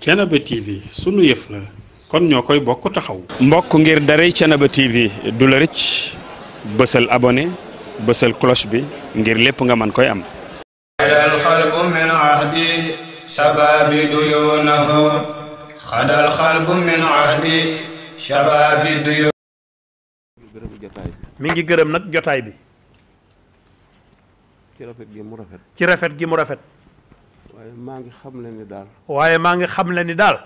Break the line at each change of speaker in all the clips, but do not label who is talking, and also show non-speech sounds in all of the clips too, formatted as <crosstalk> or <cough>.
Thiénaba TV sunu yëf la kon ñoo koy bokk taxaw. mbokk ngir daray Thiénaba TV du la rëcc bësal abonné bësal cloche bi ngir lépp nga man koy am. xadal xalbu min ahdi shababi duyunahu xadal xalbu min ahdi shababi duyunahu mi ngi gërëm nag jotaay bi. ci rafet mu rafet. ci rafet gi mu rafet. maa ngi xam la ni daal. waaye maa ngi xam la ni daal.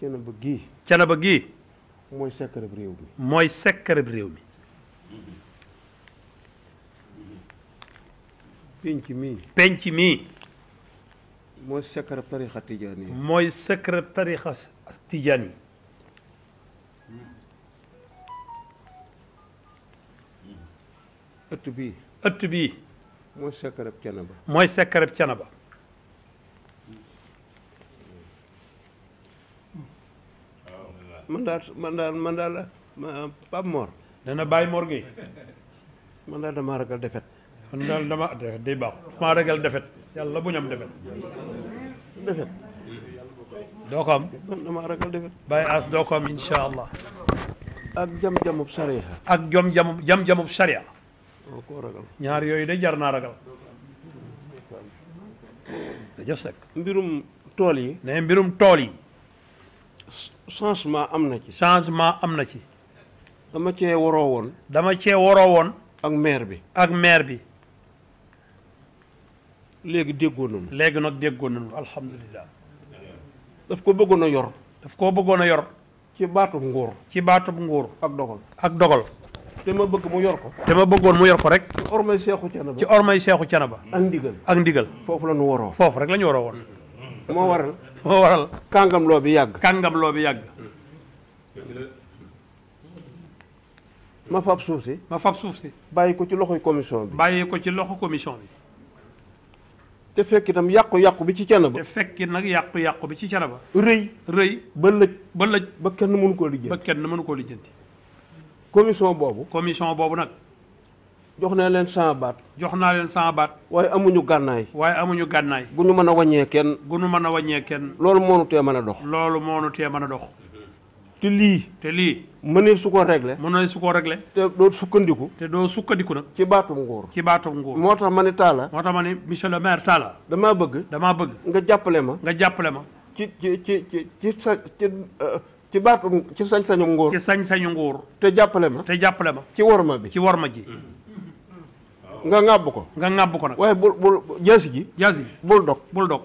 Thiénaba gii. Thiénaba gii. mooy sekkarab réew mi. mooy sekkarab réew mi. penc mii. penc mii. mooy sekkarab tariixa tijaan yi. mooy sekkarab tariixa tijaan yi. ëtt bii. ëtt bii. mooy sekkarab Thiénaba. mooy sekkarab ba man daal man daal man daal Pape Mor. nee na Baye Mor Gueye. defet. man dama defet defet. defet. doo ko am. defet. Baye As doo ko allah. ak jam jamub sariya. ak jom jamub jam jamub sariya. ñaar yooyu de jar ragal. jëf sekk. mbirum tool yi. mbirum tool changement am na ci. changement am na ci. dama cee waroo woon. dama cee waroo woon. ak maire bi. ak maire bi. léegi déggoo nañu. léegi nag déggoo nañu alhamdulilah. daf ko bëggoon a yor. daf koo bëggoon a yor. ci baatub nguur. ci baatub nguur. ak dogal ak dogal. te ma bëgg mu yor ko. te ma bëggoon mu yor ko rek. ci ormay seexu canaba. ci ormay seexu canaba. ak ndigal ak ndigal. foofu la ñu woroo foofu rek la ñu waroo woon. moo waral. kàngam bi yàgg. kàngam bi yàgg. ma fab suuf si. ma fab suuf si. bàyyi ko ci loxoy commission bi. bàyyi ko ci loxo commission bi. te fekki tam yàqu-yàqu bi ci cana ba. te nag yàqu-yàqu bi ci cana ba. rëy rëy. ba lëj ba ba kenn mënu koo lijjanti. ba kenn mënu koo lijjanti. commission boobu. commission boobu nag. jox naa leen cent baat jox naa leen cent baat waaye amuñu gànnaay waaye amuñu gànnaay gu ñu mën a waññee kenn gu ñu mën a waññee kenn loolu moonu tee mën a dox loolu moonu tee mën a dox te lii te lii mënee su ko réglé mënee su ko réglé te doo sukkandiku te doo sukkandiku nag ci baatum nguur ci baatum nguur moo tax ma ni Talla moo tax ma ni monsieur le maire damaa bëgg damaa bëgg nga jàppale ma nga jàppale ma ci ci ci ci ci sa ci euh, ci baatum ci sañ-sañu ci sañ-sañu nguur te jàppale ma te jàppale ma ci worma bi ci worma ji nga ŋàbb ko nga ŋàbb ko nag waaye bul bul jaasi ji jaasi ji bul dog bul dog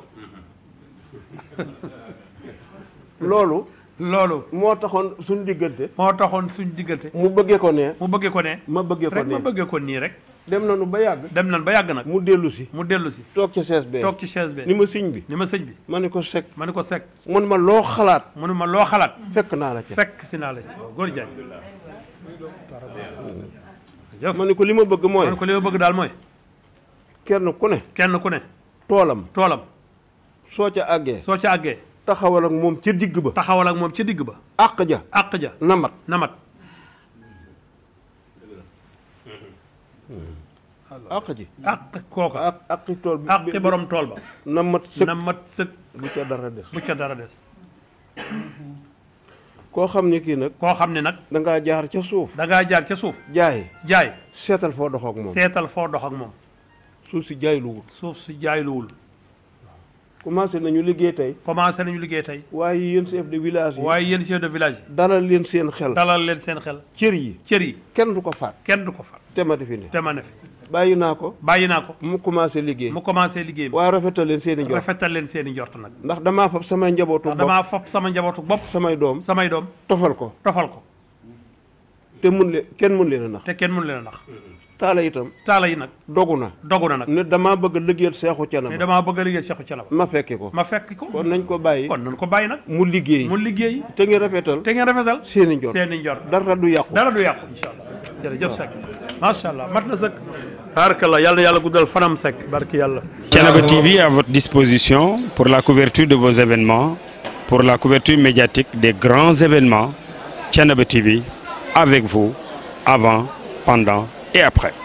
<laughs> loolu loolu moo taxoon suñ diggante moo taxoon suñ diggante mu bëggee ko nee mu bëggee ko nee ma bëggee ko nee ma bëggee ko nii rek dem nañu ba yàgg dem nañu ba yàgg nag mu dellu si mu dellu si toog ci chaise bi toog ci chaise bi ni ma sëñ bi ni ma sëñ bi ma ne ko sec ma ne ko sec mun ma loo xalaat mun ma loo xalaat fekk naa la ci fekk si naa la ci góor jaay ma ko li ma bëgg mooy ma ko li ma bëgg daal mooy. kenn ku ne. kenn ku ne. toolam toolam. soo ca àggee soo ca àggee. taxawal ak moom ca digg ba. taxawal ak moom ca digg ba. àq ja àq ja. namat namat. àq ji àq kooka àq àqi tool bi àqi borom tool ba. namat sëkk namat sëkk. bu ca dara des bu ca dara des. koo xam ne kii nag koo xam ne nag da ngaa jaar ca suuf dangaa jaar ca suuf jaay jaay seetal foo dox ak moom seetal foo dox ak moom suuf si jaay luwul suuf si jaay luwul commencé nañu liggéey tey commencé nañu liggéey tey waaye yéen chef de village yi waaye yéen chef de village yi dalal leen seen xel dalal leen seen xel cër yi cër yi kenn du ko faat kenn du ko faat te ma ne ne te ma ne fi bàyyi naa ko bàyyi naa ko mu commencé liggéey mu commencé liggéey waaye rafetal leen seen i njort rafetal leen seen i njort nag ndax damaa fab samay njabootu bopp sama samay doom samay doom tofal ko tofal ko te mun leen kenn mun leen a nax te kenn mun leen a nax taala itam taala yi nag dogu na dogu na nag ne damaa bëgg a liggéeyal seexu canaba ne bëgg a liggéeyal seexu canaba ma fekki ko ma fekki ko kon nañ ko bàyyi kon nañ ko bàyyi nag mu liggéey mu liggéey te ngeen rafetal te ngeen rafetal seen i njort seen i njort dara du yàqu dara du yàqu incha allah jërëjëf Seck allah mat na sëkk Barakallah yàlla yàlla guddal fanam sek barki yàlla. Thiénaba TV à votre disposition pour la couverture de vos événements pour la couverture médiatique des grands événements Thiénaba TV avec vous avant pendant et après.